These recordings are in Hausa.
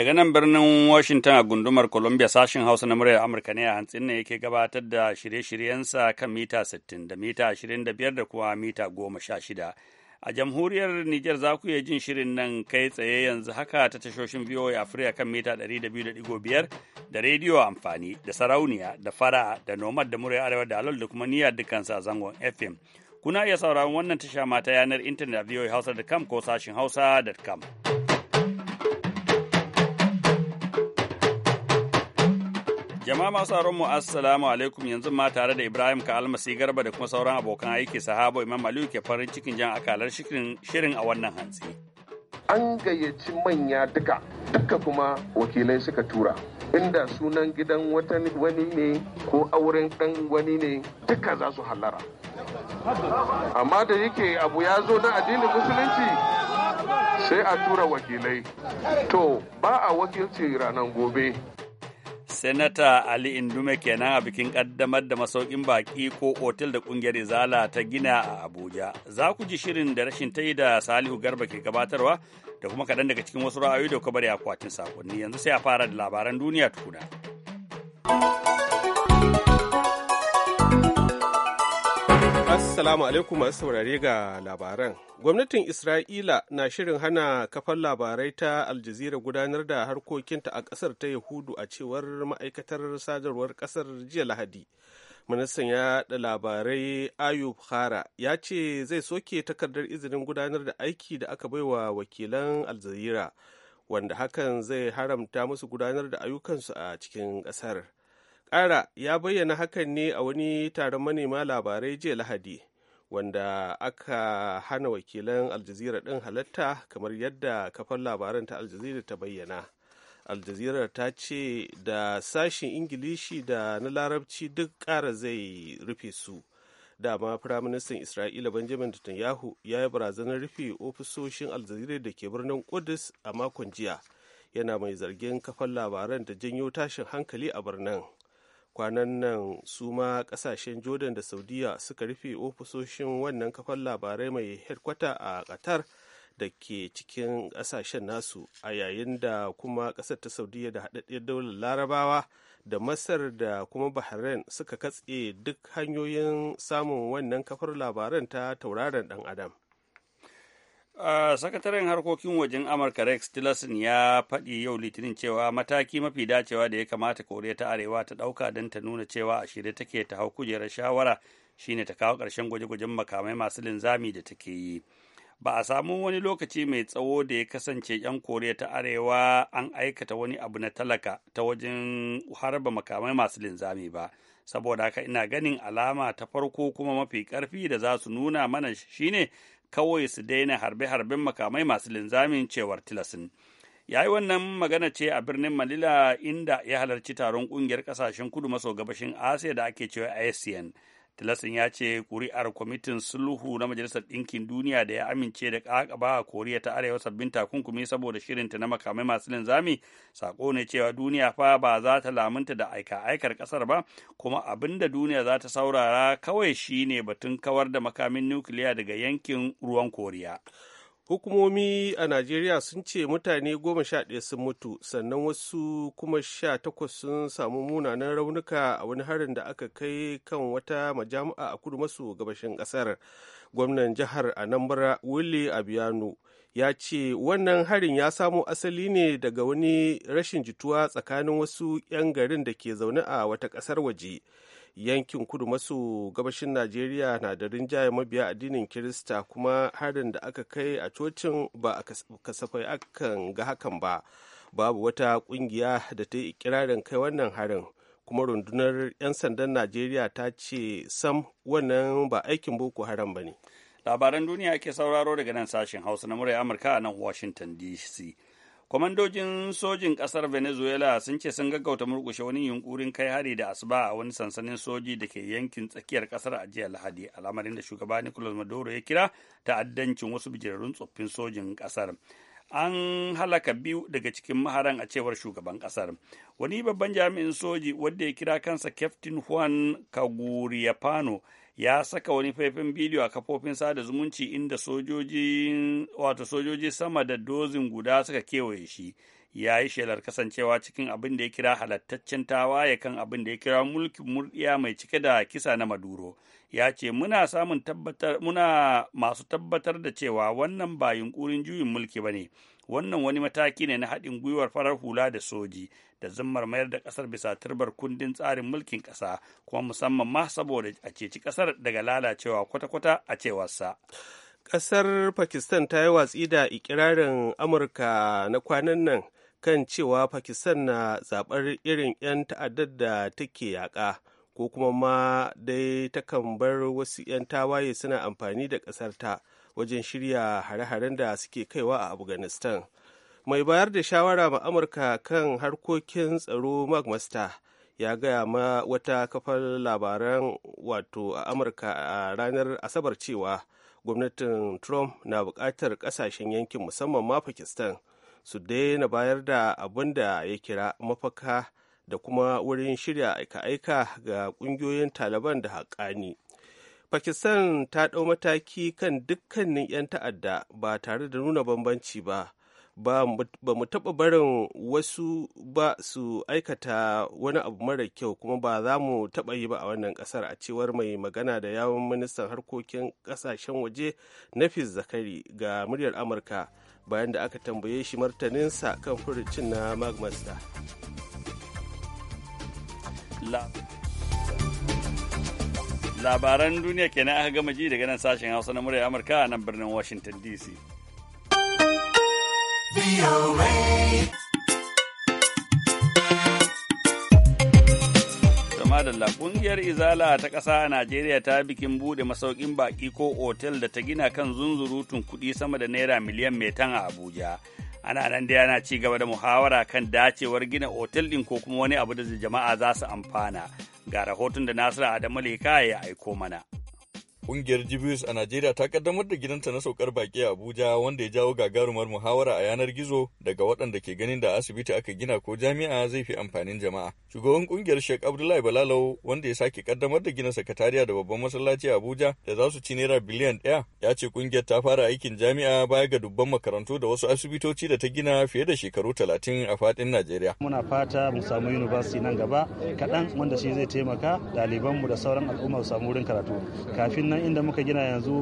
Daga nan birnin Washington a gundumar Columbia sashen Hausa na muryar Amurka ne a hantsin ne yake gabatar da shirye-shiryensa kan mita 60 da mita 25 da kuma mita 16. A jamhuriyar Nijar za ku iya jin shirin nan kai tsaye yanzu haka ta tashoshin VOA Africa kan mita 200.5 da rediyo amfani da sarauniya da fara da nomad da muryar arewa da alol da kuma niyyar dukansa a zangon FM. Kuna iya sauraron wannan tasha mata yanar intanet a hausa.com ko sashin hausa.com. Jama'a masu aron mu assalamu alaikum yanzu ma tare da Ibrahim ka almasi garba da kuma sauran abokan aiki sahabo Imam Aliyu ke farin cikin jan akalar shirin a wannan hantsi. An gayyaci manya duka, duka kuma wakilai suka tura. Inda sunan gidan wani ne ko auren ɗan wani ne duka za su hallara. Amma da yake abu ya zo na addinin musulunci sai a tura wakilai to ba a wakilci ranar gobe Senata Ali Indume kenan a bikin kaddamar da masaukin baki ko otel da kungiyar Izala ta gina a Abuja. Za ku ji shirin da rashin ta yi da Salihu Garba ke gabatarwa da kuma kaɗan daga cikin wasu ra'ayoyi da kuka bari akwatin sakonni. Yanzu sai a fara da labaran duniya tukuna. Assalamu alaikum masu saurare ga labaran. Gwamnatin Isra'ila na shirin hana kafar labarai ta Aljazira gudanar da harkokinta a ƙasar ta Yahudu a cewar ma'aikatar sadarwar ƙasar jiya Lahadi. Ministan ya da labarai Ayub Hara ya ce zai soke takardar izinin gudanar da aiki da aka baiwa wakilan Aljazira, wanda hakan zai haramta musu gudanar da ayyukansu a cikin ƙasar. Ƙara ya bayyana hakan ne a wani taron manema labarai jiya Lahadi. wanda aka hana wakilan aljazira ɗin halatta kamar yadda kafar labaran ta aljazira ta bayyana aljazira ta ce da sashen ingilishi da na larabci duk ƙara zai rufe su dama firaministan isra'ila benjamin netanyahu ya yi barazanar rufe ofisoshin aljazira da ke birnin kudus a makon jiya yana mai zargin kafar labaran da janyo tashin hankali a birnin kwanan nan su ma kasashen jordan da saudiya suka rufe ofisoshin wannan kafar labarai mai headkwata a qatar da ke cikin kasashen nasu a yayin da kuma kasar ta saudiya da haɗaɗɗiyar daular larabawa da masar da kuma bahrain suka katse duk hanyoyin samun wannan kafar labaran ta tauraron ɗan adam sakataren harkokin wajen amurka rex tillerson ya faɗi yau litinin cewa mataki mafi dacewa da ya kamata koriya ta arewa ta ɗauka don ta nuna cewa a shirye take ta hau kujerar shawara shine ta kawo ƙarshen gwaje-gwajen makamai masu linzami da take yi ba a samu wani lokaci mai tsawo da ya kasance 'yan koriya ta arewa an aikata wani abu na talaka ta wajen harba makamai masu linzami ba saboda haka ina ganin alama ta farko kuma mafi karfi da za su nuna mana shine kawai su daina harbe-harben makamai masu linzamin cewar tilasin ya yi wannan magana ce a birnin Malila inda ya halarci taron kungiyar kasashen kudu maso gabashin asiya da ake cewa ASEAN. tilasin ya ce kuri'ar kwamitin sulhu na majalisar ɗinkin duniya da ya amince da ba a koriya ta arewa sabbin takunkumi saboda shirinta na makamai masu linzami sako ne cewa duniya fa ba za ta lamunta da aika aikar ƙasar ba kuma abin da duniya za ta saurara kawai shine batun kawar da makamin nukiliya daga yankin ruwan koriya hukumomi a najeriya sun ce mutane goma sha ɗaya sun mutu sannan wasu kuma sha takwas sun samu munanan raunuka a wani harin da aka kai kan wata majami'a a kudu maso gabashin ƙasar gwamnan jihar anambra Wille abiyanu ya ce wannan harin ya samo asali ne daga wani rashin jituwa tsakanin wasu 'yan garin da ke zaune a wata ƙasar waje yankin kudu maso gabashin najeriya na da rinjaye mabiya addinin kirista kuma harin da aka kai a cocin ba a kasafai akan ga hakan ba babu wata kungiya da ta yi ikirarin kai wannan harin kuma rundunar 'yan sandan najeriya ta ce sam wannan ba aikin boko haram ba ne labaran duniya ake sauraro daga nan sashen hausa na murai amurka a nan washington dc kwamandojin sojin ƙasar venezuela sun ce sun gaggauta murƙushe wani yunkurin kai hari da asuba a wani sansanin soji da ke yankin tsakiyar ƙasar a jiya lahadi al'amarin da shugaba nicolas maduro ya kira ta'addancin wasu bijirarrun tsoffin sojin ƙasar an halaka biyu daga cikin maharan a cewar shugaban kasar wani babban jami'in soji wanda ya kira kansa captain juan kaguriyapano ya saka wani faifin bidiyo a kafofin sada zumunci inda sojoji wato sojoji sama da dozin guda suka kewaye shi ya yi shelar kasancewa cikin abin da ya kira halattaccen tawaye kan abin da ya kira mulkin murdiya mai cike da kisa na maduro ya ce muna tabbatar masu tabbatar da cewa wannan ba yunkurin juyin mulki ba ne wannan wani mataki ne na haɗin gwiwar farar hula da soji da zammar mayar da ƙasar bisa turbar kundin tsarin mulkin ƙasa kuma musamman ma saboda a ceci ƙasar daga lalacewa kwata-kwata a cewarsa. Ƙasar Pakistan ta yi watsi da ikirarin Amurka na kwanan nan kan cewa Pakistan na zaɓar irin 'yan ta'addar da take yaƙa. ko kuma ma dai takan bar wasu 'yan tawaye suna amfani da ƙasar ta wajen shirya hare-haren da suke kaiwa a afghanistan mai bayar da shawara ma amurka kan harkokin tsaro magmasta ya gaya ma wata kafar labaran wato a amurka a ranar asabar cewa gwamnatin trump na buƙatar ƙasashen yankin musamman ma pakistan su daina bayar da abin da ya kira mafaka da kuma wurin shirya aika-aika ga ƙungiyoyin taliban da haƙani. Pakistan ta ɗau mataki kan dukkanin 'yan ta'adda ba tare da nuna bambanci ba. Ba mu taɓa barin wasu ba su aikata wani abu mara kyau kuma ba za mu taɓa yi ba a wannan ƙasar a cewar mai magana da yawon ministan harkokin ƙasashen waje Nafis Zakari ga muryar Amurka bayan da aka tambaye shi martaninsa kan furucin na Magmasta. labaran duniya kenan aka gama ji daga nan sashen hausa na murya amurka a nan birnin washington dc madalla kungiyar izala ta ƙasa a najeriya ta bikin buɗe masaukin baƙi ko otel da ta gina kan zunzurutun kuɗi sama da naira miliyan metan a abuja ana nan da yana ci gaba da muhawara kan dacewar gina otel ɗin ko kuma wani abu da jama'a za su amfana Ga rahoton da Nasiru Adamu leka ya aiko mana. ƙungiyar Jibius a Najeriya ta kaddamar da gidanta na saukar baƙi a Abuja wanda ya jawo gagarumar muhawara a yanar gizo daga waɗanda ke ganin da asibiti aka gina ko jami'a zai fi amfanin jama'a. Shugaban ƙungiyar Sheikh Abdullahi Balalau wanda ya sake kaddamar da gina sakatariya da babban masallaci a Abuja da za su ci naira biliyan ɗaya ya ce kungiyar ta fara aikin jami'a baya ga dubban makarantu da wasu asibitoci da ta gina fiye da shekaru talatin a faɗin Najeriya. Muna fata mu samu university nan gaba kaɗan wanda shi zai taimaka ɗalibanmu da sauran al'umma su samu wurin karatu kafin nan inda muka gina yanzu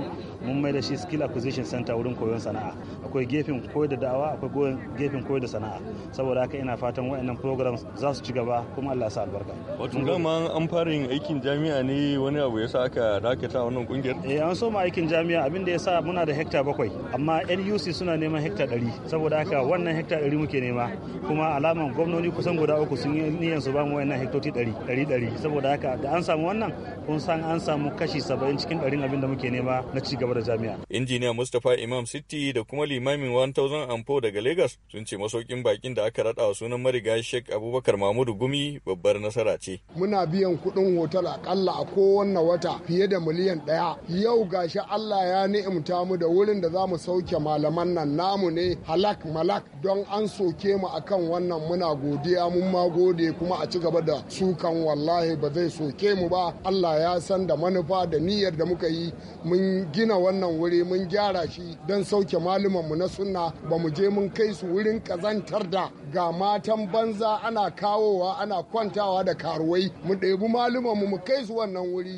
mun mai da shi skill acquisition center wurin koyon sana'a akwai gefen koyar da da'awa akwai gefen koyar da sana'a saboda haka ina fatan waɗannan programs za su ci gaba kuma Allah sa albarka wato man an fara yin aikin jami'a ne wani abu yasa aka dakata wannan kungiyar eh an soma aikin jami'a abin da yasa muna da hekta bakwai amma NUC suna neman hekta 100 saboda haka wannan hekta 100 muke nema kuma alaman gwamnoni kusan guda uku sun yi niyyar su ba mu waɗannan hektoti 100 100 saboda haka da an samu wannan kun san an samu kashi 70 cikin ɗarin ɗarin abin da muke nema na ci gaba da jami'a. Injiniya Mustapha Imam City da kuma limamin 1000 Ampo daga Lagos sun ce masaukin bakin da aka raɗa sunan mariga Sheikh Abubakar Mahmudu Gumi babbar nasara ce. Muna biyan kuɗin hotel akalla a kowanne wata fiye da miliyan ɗaya. Yau gashi Allah ya ni'imta mu da wurin da za mu sauke malaman nan namu ne halak malak don an soke mu akan wannan muna godiya mun ma gode kuma a ci gaba da sukan wallahi ba zai soke mu ba Allah ya san da manufa da niyyar da muka yi mun gina wannan wuri mun gyara shi don sauke malumanmu na sunna ba mu je mun kai su wurin kazantar da ga matan banza ana kawowa ana kwantawa da karuwai mu ɗebi malumanmu mu kai su wannan wuri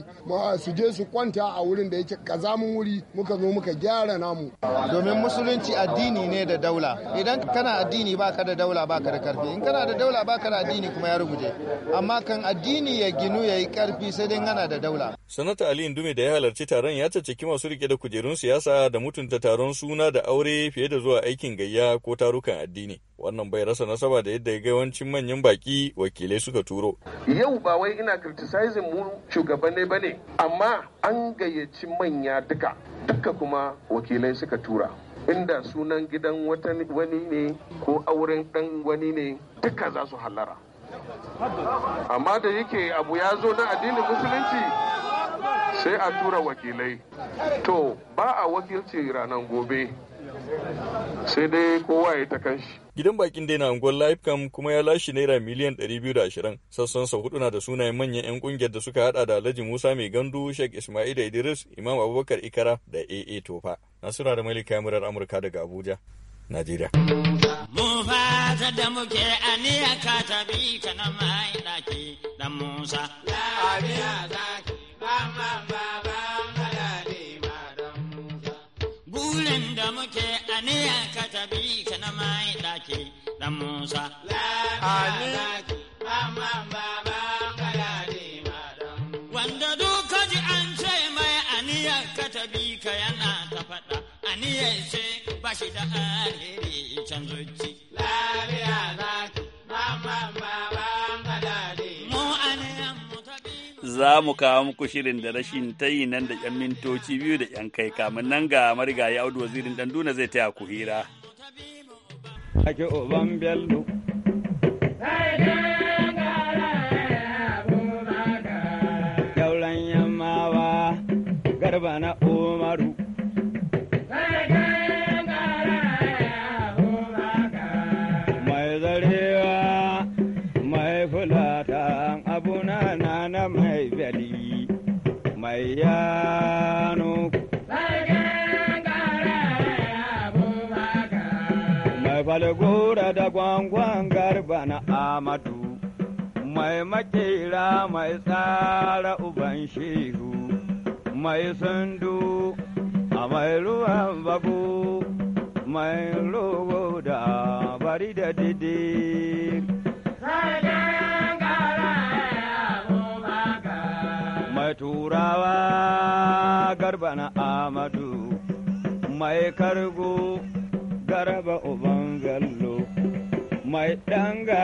su je su kwanta a wurin da yake kazamin wuri muka zo muka gyara namu domin musulunci addini ne da daula idan kana addini baka da daula baka da karfi in kana da daula baka da addini kuma ya rubuce amma kan addini ya ginu ya yi karfi sai dai ana da daula sanata ali indume da ya halarci taron ya caccaki masu rike da kujerun siyasa da mutunta taron suna da aure fiye da zuwa aikin gayya ko tarukan addini. Wannan bai rasa nasaba da yadda yawancin manyan baki wakilai suka turo. Yau ba wai ina criticizing mu shugabanni ba amma an gayyaci manya duka, duka kuma wakilai suka tura. Inda sunan gidan wani ne ko auren dan wani ne duka za su hallara. Amma da yake abu ya zo na addinin musulunci sai a tura wakilai to ba a wakilci ranar gobe sai dai kowa ya ta kanshi. Gidan bakin daina anguwar Lifecam kuma ya lashe naira miliyan 220. Sassan sa hudu na da sunayen manyan 'yan kungiyar da suka hada da Alhaji Musa Mai Gandu, Sheikh Ismail Idris, Imam Abubakar Ikara da AA Tofa. Nasura da Malika Amurka daga Abuja, Najeriya. Mu fata da muke tabi ta na mai da Musa. zaki. Burin da muke aniya ka tabi ka na mai ɗake ɗan Musa. Wanda duka ji an ce mai aniya ka tabi ka yana ta faɗa, niya ce ba shi da alheri can zuci. Lariya za mu kawo muku shirin da rashin tayi nan da 'yan mintoci biyu da 'yan kai kamun nan ga marigayi audu wazirin danduna zai taya ku hira. Ake oban bello. garba na umaru. da mai vali mai yano mai da gwangwan garba na amadu mai makera mai tsara uban shehu mai sandu a mai ruwan babu mai rogo da bari da didi turawa garba na amadu mai kargo garba uban gallo mai danga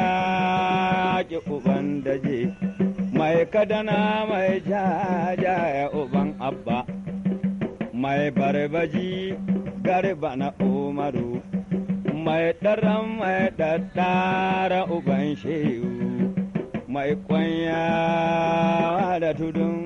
ki uban daje mai kadana mai jajaya uban abba mai barbaji garba na umaru mai ɗaran mai ɗaɗɗara uban shehu mai kwanya da tudun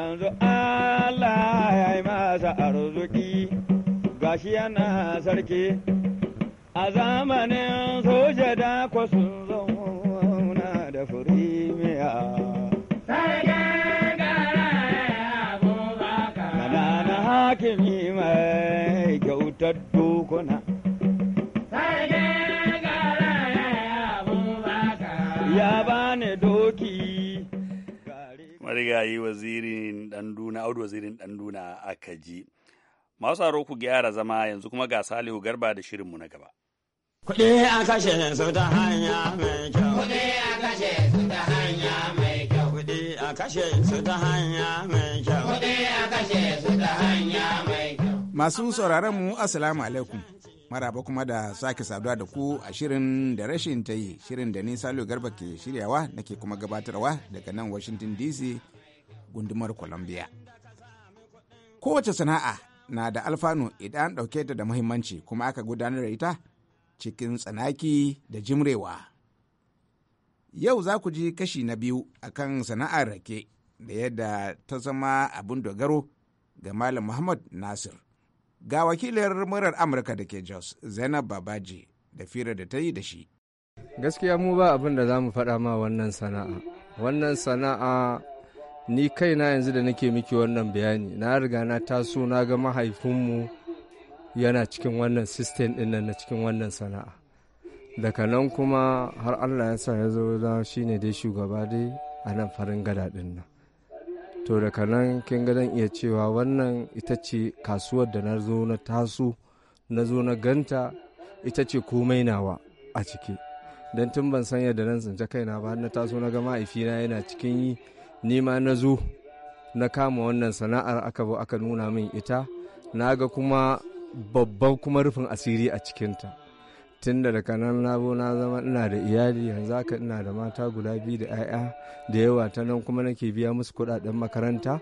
yanzu Allah ya yi masa arziki gashi yana sarki a zamanin soja da kwa sun zauna da firimiya. Hakimi mai kyautar dokuna. yi wazirin ɗanduna audu wazirin ɗanduna a kaji masu aro ku gyara zama yanzu kuma ga salihu garba da shirinmu na gaba kuɗi a kashe su ta hanya mai kyau kuɗi a kashe su ta hanya mai kyau kuɗi a kashe su ta hanya mai kyau kuɗi a kashe su ta hanya mai kyau masu sauraron mu assalamu alaikum maraba kuma da sake saduwa da ku a shirin da rashin ta yi shirin da ni salo garba ke shiryawa nake kuma gabatarwa daga nan washington dc gundumar columbia kowace sana'a na da alfanu idan ɗauke ta da muhimmanci kuma aka gudanar da ita cikin tsanaki da jimrewa yau za ku ji kashi na biyu akan sana'ar rake da yadda ta zama abin dogaro ga malam muhammad nasir Ga wakilar murar Amurka da ke Jos, Zainab Babaji, da fira da ta yi da shi. Gaskiya mu ba abin da za mu faɗa ma wannan sana'a. Wannan sana'a ni kaina yanzu da nake miki wannan bayani, na riga na taso na ga mahaifinmu yana cikin wannan sistem ɗin na cikin wannan sana'a. Daga nan kuma har Allah ya sa ya zo shi shine dai shugaba dai a nan farin gada ɗin nan. to daga nan kin ga zan iya cewa wannan ita ce kasuwar da na zo na taso na zo na ganta ita ce komai nawa a ciki don tun ban san yadda nan kai kaina ba na taso na gama ifina yana cikin yi ni na zo na kama wannan sana'ar aka aka nuna min ita na ga kuma babban kuma rufin asiri a cikinta tun da daga nan na na zama ina da iyali yanzu haka ina da mata guda biyu da 'ya'ya da yawa ta nan kuma nake biya musu kuɗaɗen makaranta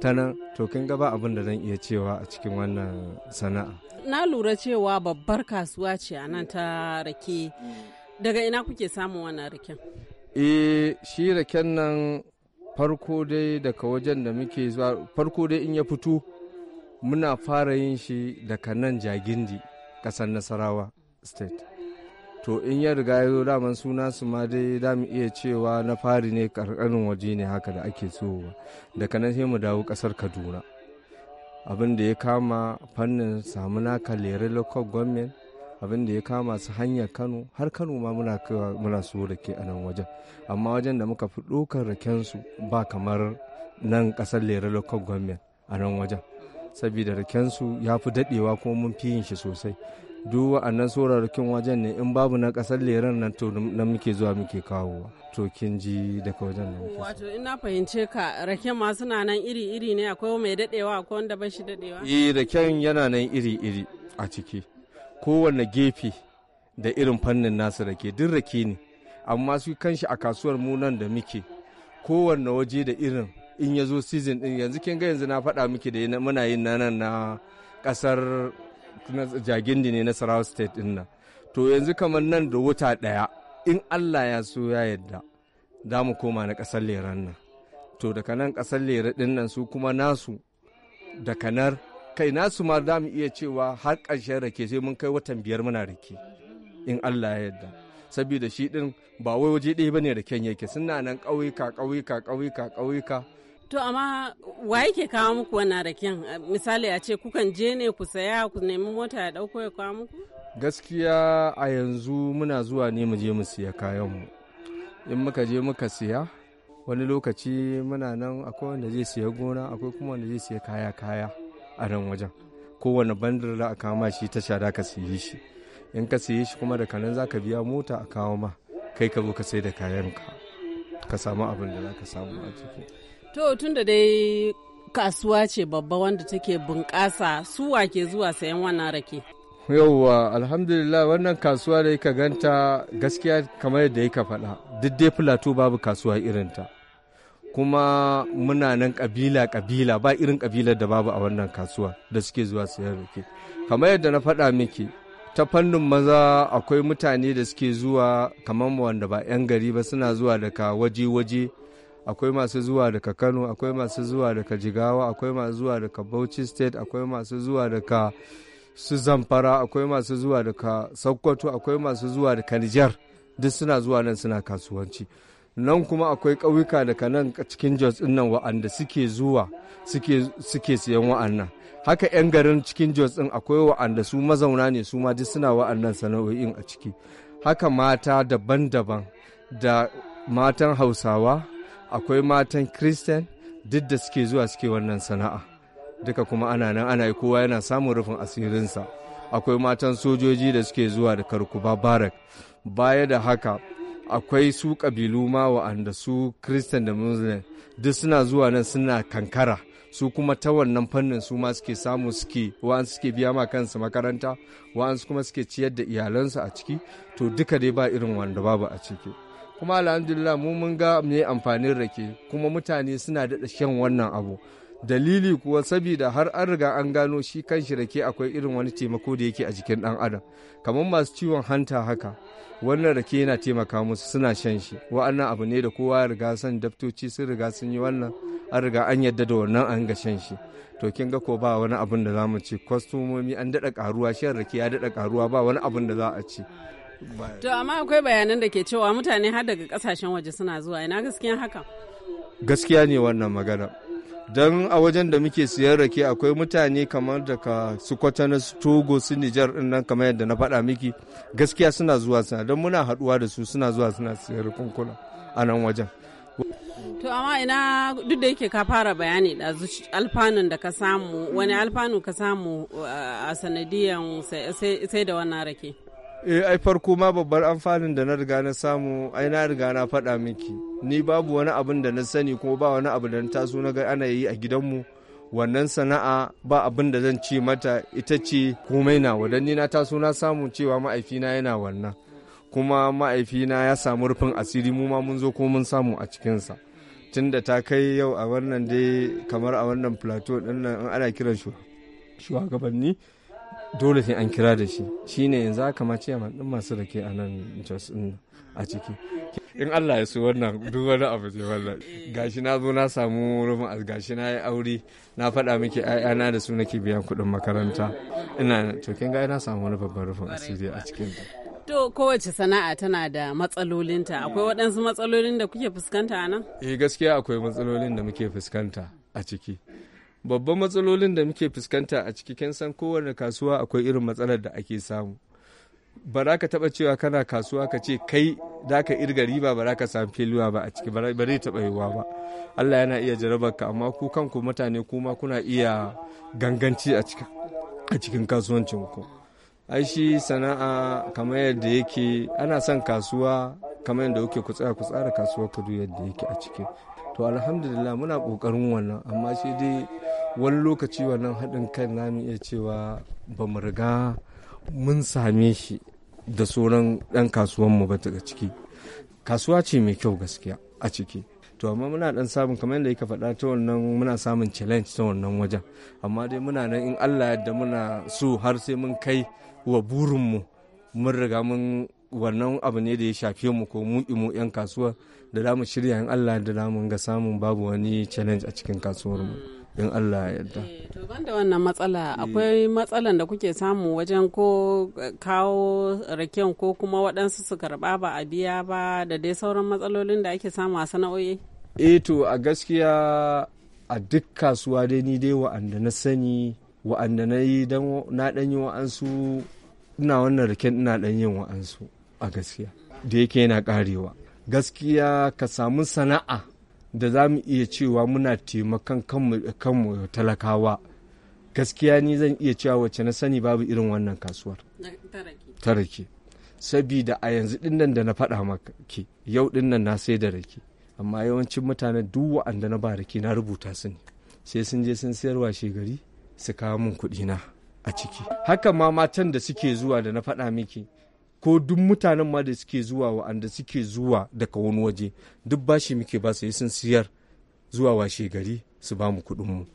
ta nan to kin ga ba abin da zan iya cewa a cikin wannan sana'a na lura cewa babbar kasuwa ce a nan ta rake daga ina kuke samun wannan raken eh shi raken nan farko dai daga wajen da muke zuwa farko dai in ya fito muna fara yin shi daga nan jagindi ƙasar nasarawa state to in ya riga ya zo daman suna su ma dai za mu iya cewa na fari ne karkarin waje ne haka da ake tsowa daga nan sai mu dawo kasar kaduna abin da ya kama fannin samu naka lere local government abin da ya kama su hanyar kano har kano ma muna muna so rake a nan wajen amma wajen da muka fi ɗaukar raken su ba kamar nan ƙasar lere local government a nan wajen saboda raken su ya fi daɗewa kuma mun fi yin shi sosai duk wa'annan sorarrukin wajen ne in babu na kasar leran nan to na muke zuwa muke kawo to kin ji daga wajen nan wato ina fahimce ka rake ma suna nan iri iri ne akwai mai dadewa akwai wanda ba shi dadewa eh raken yana nan iri iri a ciki kowanne gefe da irin fannin nasu rake duk rake ne amma su kanshi a kasuwar mu nan da muke kowanne waje da irin in ya zo season din yanzu kin ga yanzu na faɗa miki da muna yin nan na kasar na jagindi ne na Sarawa State din nan. To yanzu kamar nan da wuta daya in Allah ya so ya yadda za mu koma na kasar leran nan. To daga nan kasar lera din nan su kuma nasu da kanar kai nasu ma za mu iya cewa har ƙarshen rake sai mun kai watan biyar muna rake in Allah ya yadda saboda shi din ba wai waje ɗaya bane raken yake suna nan ƙauyuka ƙauyuka ƙauyuka ƙauyuka To amma wa yake kawo muku wannan raken? Misali a ce kukan je ne ku saya ku nemi mota ya dauko ya kawo muku? Gaskiya a yanzu muna zuwa ne mu je mu siya kayan mu. In muka je muka siya wani lokaci muna nan akwai wanda zai siya gona akwai kuma wanda zai siya kaya kaya a nan wajen. Kowane bandar da aka kama shi ta shada ka siye shi. In ka siye shi kuma da nan zaka biya mota a kawo ma kai ka zo ka sai da kayan ka. Ka samu abin da zaka samu a ciki. To tun da dai kasuwa ce babba wanda take bunƙasa su ke zuwa sayan wannan rake. yauwa alhamdulillah wannan kasuwa da ka ganta gaskiya kamar yadda ka faɗa duk dai filato babu kasuwa irinta kuma muna nan kabila kabila ba irin kabilar da babu a wannan kasuwa da suke zuwa sayan rake kamar yadda na faɗa miki ta fannin maza akwai mutane da suke zuwa kamar wanda ba 'yan gari ba suna zuwa daga waje-waje akwai masu zuwa daga kano akwai masu zuwa daga jigawa akwai masu zuwa daga bauchi state akwai masu zuwa daga su zamfara akwai masu zuwa daga sokoto akwai masu zuwa daga Niger duk suna zuwa nan suna kasuwanci nan kuma akwai ƙauyuka daga nan cikin jos din nan wa'anda suke zuwa suke siyan wa'annan haka 'yan garin cikin jos din akwai wa'anda su mazauna ne su ma duk suna wa'annan sana'o'in a ciki haka mata daban-daban da matan hausawa akwai matan kristen duk da suke zuwa suke wannan sana'a duka kuma ana nan ana yi kowa yana samun rufin asirinsa akwai matan sojoji da suke zuwa da karkuba barak baya da haka akwai su kabilu ma wa'anda su kristen da muslim duk suna zuwa nan suna kankara su kuma ta wannan fannin su ma suke samu suke wa'ansu suke biya ma kansu makaranta wa'ansu kuma suke ciyar da iyalansu a ciki to duka dai ba irin wanda babu a ciki kuma alhamdulillah mu mun ga mai amfanin rake kuma mutane suna daɗa shan wannan abu dalili kuwa saboda har an riga an gano shi kan shi rake akwai irin wani taimako da yake a jikin ɗan adam kamar masu ciwon hanta haka wannan rake yana taimaka musu suna shan shi wa'annan abu ne da kowa ya riga san daftoci sun riga sun yi wannan an riga an yadda da wannan an ga shan shi to kin ga ko ba wani abun da za mu ci kwastomomi an daɗa karuwa shan rake ya daɗa karuwa ba wani abun da za a ci To amma akwai bayanan da ke cewa mutane har daga kasashen waje suna zuwa ina gaskiya haka. Gaskiya ne wannan magana. Don a wajen da muke siyar rake akwai mutane kamar daga su kwatana su togo su Nijar din nan kamar yadda na faɗa miki gaskiya suna zuwa suna don muna haɗuwa da su suna zuwa suna siyar kunkuna a nan wajen. To amma ina duk da yake ka fara bayani da alfanun da ka samu wani alfanu ka samu uh, a sanadiyan sai da wannan rake. eh ai farko ma babbar amfanin da na riga na samu ai na riga na faɗa miki ni babu wani abin da na sani kuma ba wani abu da na taso na ga ana yi a gidanmu wannan sana'a ba abin da zan ce mata ita ce komai na wadan ni na taso na samu cewa ma'aifina yana wannan kuma ma'aifina ya samu rufin asiri mu ma mun zo ko mun samu a cikinsa tun da ta kai yau a wannan dai kamar a wannan plateau ɗin nan ana kiran shugabanni dole sai an kira da shi shine yanzu aka ma ciyaman din masu rake a nan jos a ciki in Allah ya so wannan duk wani abu ce wannan gashi na zo na samu rufin gashi na yi aure na faɗa miki ayana da su nake biyan kuɗin makaranta ina to kin ga na samu wani babban rufin asiri a cikin To kowace sana'a tana da matsalolinta akwai waɗansu matsalolin da kuke fuskanta a nan? Eh gaskiya akwai matsalolin da muke fuskanta a ciki babban matsalolin da muke fuskanta a cikin san kowane kasuwa akwai irin matsalar da ake samu ba za ka taɓa cewa kana kasuwa ka ce kai da ka irga riba ba za ka samu filiwa ba a ciki ba zai taɓa yiwuwa ba Allah yana iya jarabar ka amma ku kanku mutane kuma kuna iya ganganci a cikin kasuwancin ku ai shi sana'a kamar yadda yake ana son kasuwa kamar yadda kuke ku tsaya ku tsara kasuwar ku yadda yake a ciki to alhamdulillah muna kokarin wannan amma shi dai wani lokaci wannan haɗin kan na iya cewa ba mu riga mun same shi da sauran ɗan kasuwanmu ba daga ciki kasuwa ce mai kyau gaskiya a ciki to amma muna dan samun kamar yadda yake faɗa ta wannan muna samun challenge ta wannan wajen amma dai muna nan in Allah yadda muna so har sai mun kai wa burinmu mun riga mun wannan abu ne da ya shafe mu ko mu mu yan kasuwa da za mu shirya in Allah da za mu ga samun babu wani challenge a cikin kasuwar mu. in Allah ya yarda. Eh, to banda wannan matsala akwai matsalan da kuke samu wajen ko kawo raken ko kuma waɗansu su karɓa ba a biya ba da dai sauran matsalolin da ake samu a sana'o'i? Eh to a gaskiya a duk kasuwa dai ni dai wa'anda na sani wa'anda na yi don na ɗan yi wa'ansu ina wannan raken ina ɗan yin wa'ansu a gaskiya da yake yana karewa gaskiya ka samu sana'a da za mu iya cewa muna taimakon kanmu talakawa gaskiya ni zan iya cewa wacce na sani babu irin wannan kasuwar ta rake sabida a yanzu dinnan da na faɗa maka yau dinnan na sai da rake amma yawancin mutane duk wa'anda na ba rake na rubuta su ne sai sun je sun sayarwa shegari su kawo min kuɗi na a ciki haka ma matan da suke zuwa da na faɗa miki ko duk mutanen ma da suke zuwa wa'anda suke zuwa daga wani waje duk bashi muke ba su sun siyar zuwa washe gari su ba mu kuɗin mu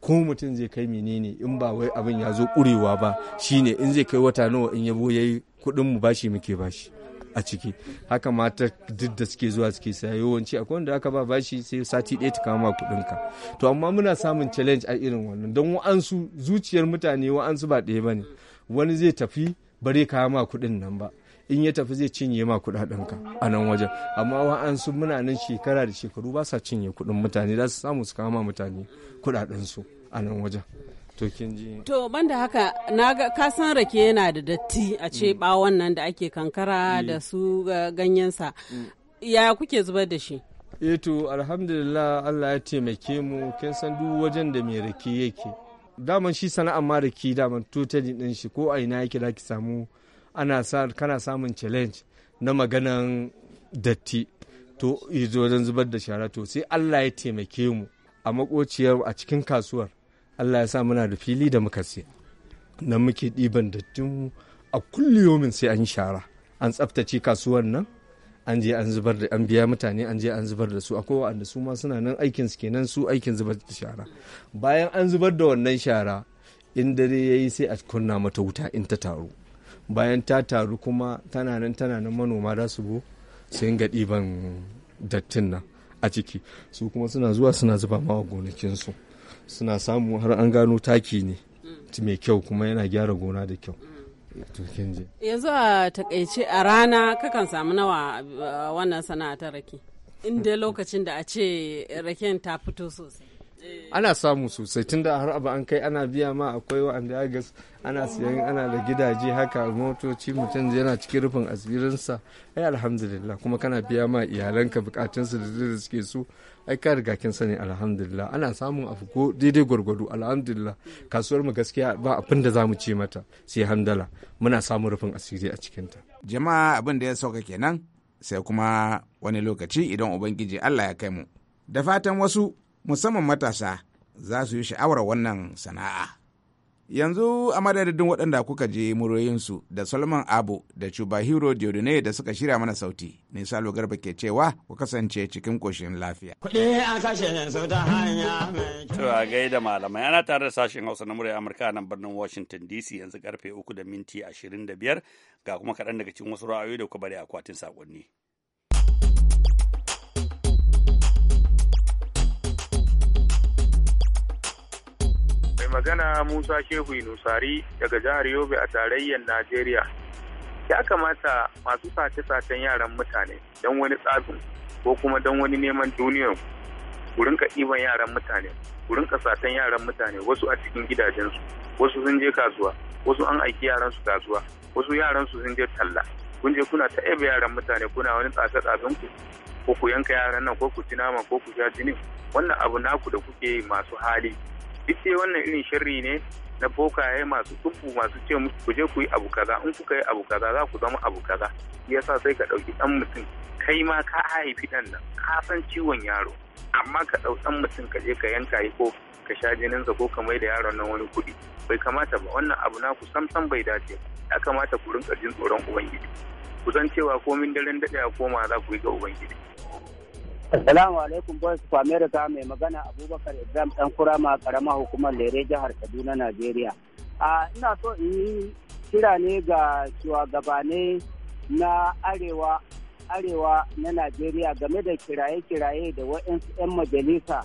ko mutum zai kai menene in ba wai abin ya zo kurewa ba shine in zai kai wata nawa in yabo yayi kuɗin mu bashi muke bashi a ciki haka mata duk da suke zuwa suke saya yawanci akwai wanda aka ba bashi sai sati ɗaya ta kama kuɗinka to amma muna samun challenge a irin wannan don wa'ansu zuciyar mutane wa'ansu ba ɗaya bane wani zai tafi bare kaya ma kuɗin nan ba in ya tafi zai cinye ma ka a nan wajen amma wa'ansu muna nan shekara da shekaru ba sa cinye kuɗin mutane za su samu su kama mutane su a nan wajen to kin ji to banda haka na ga ka san rake yana da datti a ce bawon mm. nan da ake kankara eh. da su ganyensa mm. ya kuke zubar da shi eh to alhamdulillah Allah ya taimake mu kin san duk wajen da mai rake yake daman shi sana'ar ma da ki daman tutali din shi ko a ina yake da ki samu ana sa kana samun challenge na maganan datti to wajen zubar da shara to sai Allah ya taimake mu a makociyar a cikin kasuwar Allah ya sa muna da fili da muka siya nan muke ɗiban dattin mu a kulliyomin sai an shara an tsaftace kasuwar nan an je an zubar da an biya mutane an je an zubar da su akwai wa'anda su ma suna nan aikin su kenan su aikin zubar da shara bayan an zubar da wannan shara in dare ya yi sai a kunna mata wuta in ta taru bayan ta taru kuma tana nan tana nan manoma za su bo sai ga ɗiban dattin nan a ciki su kuma suna zuwa suna zuba ma gonakinsu suna samu har an gano taki ne mm. mai kyau kuma yana gyara gona da kyau yanzu a takaice a rana kakan samu nawa uh, wannan sana'a ta rake inda lokacin da a ce raken ta fito sosai ana samu sosai tunda har abu an kai ana biya ma akwai wa'anda ya gas ana siyan ana da gidaje haka motoci mutum yana cikin rufin asirinsa ai alhamdulillah kuma kana biya ma iyalanka bukatunsu da suke so ai ka riga kin sani alhamdulillah ana samun abu ko daidai gwargwado alhamdulillah kasuwar mu gaskiya ba abin da zamu ci mata sai handala muna samun rufin asiri a cikin ta. jama'a abin da ya sauka kenan sai kuma wani lokaci idan ubangiji Allah ya kai mu da fatan wasu musamman matasa za su yi sha'awar wannan sana'a. Yanzu a madadin waɗanda kuka je muroyinsu da Solomon Abu da Chubahiro Diodune da suka shirya mana sauti, Nisa Garba ke cewa ku kasance cikin ƙoshin lafiya. Kuɗi an kashe su ta hanya mai kyau. a da malamai ana tare da sashen Hausa na murya Amurka nan birnin Washington DC yanzu karfe uku da minti ashirin biyar ga kuma kaɗan daga cikin wasu ra'ayoyi da kuka bari akwatin saƙonni. magana Musa Shehu Nusari daga jihar Yobe a tarayyar Najeriya. Ya kamata masu sace-sacen yaran mutane don wani tsafin ko kuma don wani neman duniyar ku ka ɗiban yaran mutane, ku ka satan yaran mutane wasu a cikin gidajensu, wasu sun je kasuwa, wasu an aiki yaran su kasuwa, wasu yaran su sun je talla. Kun je kuna taɓa yaran mutane kuna wani tsafe-tsafen ku ko ku yanka yaran nan ko ku ci nama ko ku sha jini wannan abu naku da kuke masu hali ita wannan irin sharri ne na bokaye masu tsufu masu ce musu ku je ku yi abu kaza in kuka yi abu kaza za ku zama abu kaza sa sai ka ɗauki ɗan mutum kai ma ka haifi ɗan nan ka san ciwon yaro amma ka ɗau ɗan mutum ka je ka yanka yi ko ka sha jininsa ko ka mai da yaron nan wani kuɗi bai kamata ba wannan abu na sam samsam bai dace ya kamata ku rinka jin tsoron ubangiji ku san cewa komin daren daɗe a koma za ku yi ga ubangiji Assalamu alaikum boys of America mai magana Abubakar Ibrahim dan kurama karama hukumar Lere jihar Kaduna Najeriya. A ina so in yi kira ne ga shugabane na arewa arewa na Najeriya game da kiraye-kiraye da waɗansu 'yan majalisa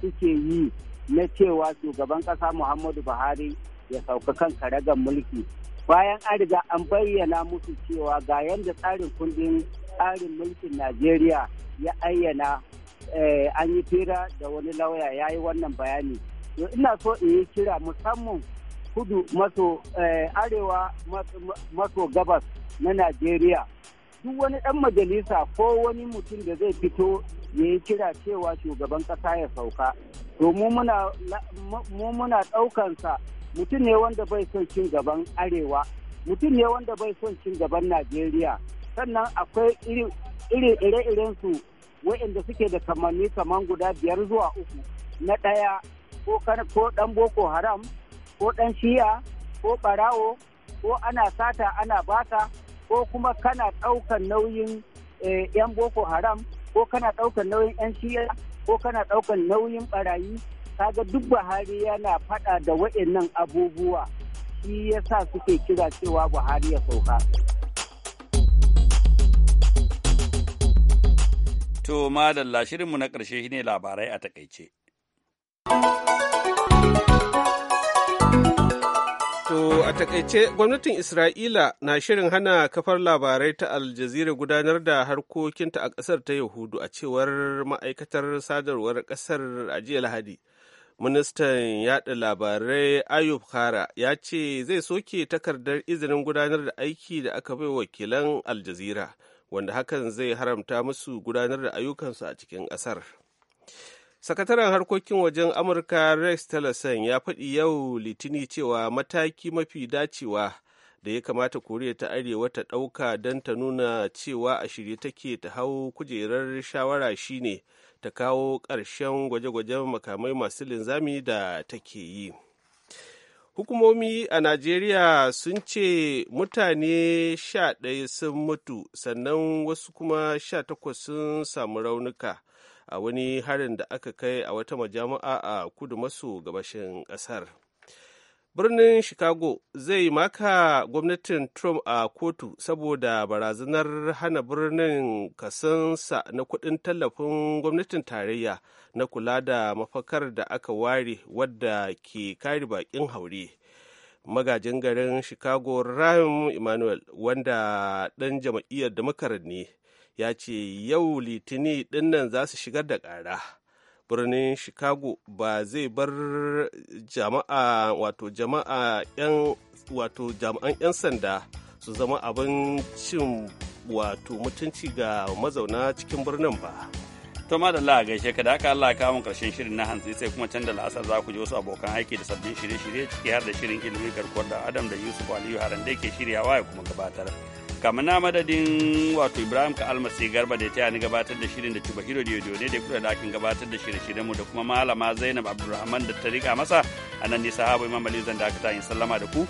suke yi na cewa shugaban ƙasa Muhammadu Buhari ya sauka kan karagar mulki. Bayan an riga an bayyana musu cewa ga yadda tsarin kundin tsarin mulkin najeriya ya ayyana eh, an yi fira da wani lauya ya yi wannan bayani to ina so in yi kira musamman kudu maso eh, arewa maso gabas na najeriya duk wani ɗan majalisa ko wani mutum da zai fito ya yi kira cewa shugaban ƙasa ya sauka to mu muna ɗaukansa mutum ne wanda bai son cin gaban arewa mutum ne wanda bai son cin gaban najeriya sannan akwai iri ire-iren su waɗanda suke da kamanni kaman guda biyar zuwa uku na ɗaya ko ɗan boko haram ko ɗan shiya ko ɓarawo ko ana sata ana bata ko kuma kana ɗaukan nauyin eh, 'yan boko haram ko kana ɗaukan nauyin 'yan shiya ko kana ɗaukan nauyin ɓarayi kaga duk buhari yana faɗa da waɗannan abubuwa shi yasa suke kira cewa buhari ya sauka. To madalla shirinmu na ƙarshe ne labarai a takaice. To a takaice gwamnatin Isra'ila na shirin hana kafar labarai ta Aljazeera gudanar da harkokinta a ƙasar ta Yahudu a cewar ma'aikatar sadarwar ƙasar a jiya Lahadi. Ministan yaɗa labarai Ayub Khara ya ce zai soke takardar izinin gudanar da aiki da aka bai wakilan Aljazeera. wanda hakan zai haramta musu gudanar da ayyukansu a cikin ƙasar. sakataren harkokin wajen amurka rex tillerson ya faɗi yau litini cewa mataki mafi dacewa da ya kamata koriya ta arewa ta ɗauka don ta nuna cewa a shirye take ta hau kujerar shawara shine ta kawo ƙarshen gwaje-gwajen makamai masu linzami da take yi. hukumomi a najeriya sun ce mutane sha ɗaya sun mutu sannan wasu kuma sha takwas sun samu raunuka a wani harin da aka kai a wata majami'a a kudu maso gabashin ƙasar birnin chicago zai maka gwamnatin trump a kotu saboda barazanar hana birnin kasansa na kudin tallafin gwamnatin tarayya na kula da mafakar da aka ware wadda ke kare bakin haure magajin garin chicago ryan emmanuel wanda ɗan jam'iyyar da ne ya ce yau litini dinnan za su shigar da ƙara birnin chicago ba zai bar jama'a wato jama'a 'yan wato jami'an 'yan sanda su zama abin cin wato mutunci ga mazauna cikin birnin ba to ma da Allah gaishe ka da aka Allah ka mun karshen shirin na hantsi sai kuma can da la'asar za ku ji wasu abokan aiki da sabbin shirye-shirye ciki har da shirin ilimi garkuwar da Adam da Yusuf Aliyu Haran da ke shiryawa ya kuma gabatar kama na madadin wato ibrahim ka almasi garba da ta ni gabatar da shirin da cuba hiro da ne da kula da akin gabatar da shirye-shiryen mu da kuma malama zainab abdulrahman da ta rika masa a nan ne sahaba imam zan da aka yin sallama da ku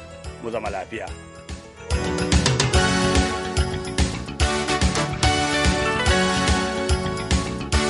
mu zama lafiya. thank you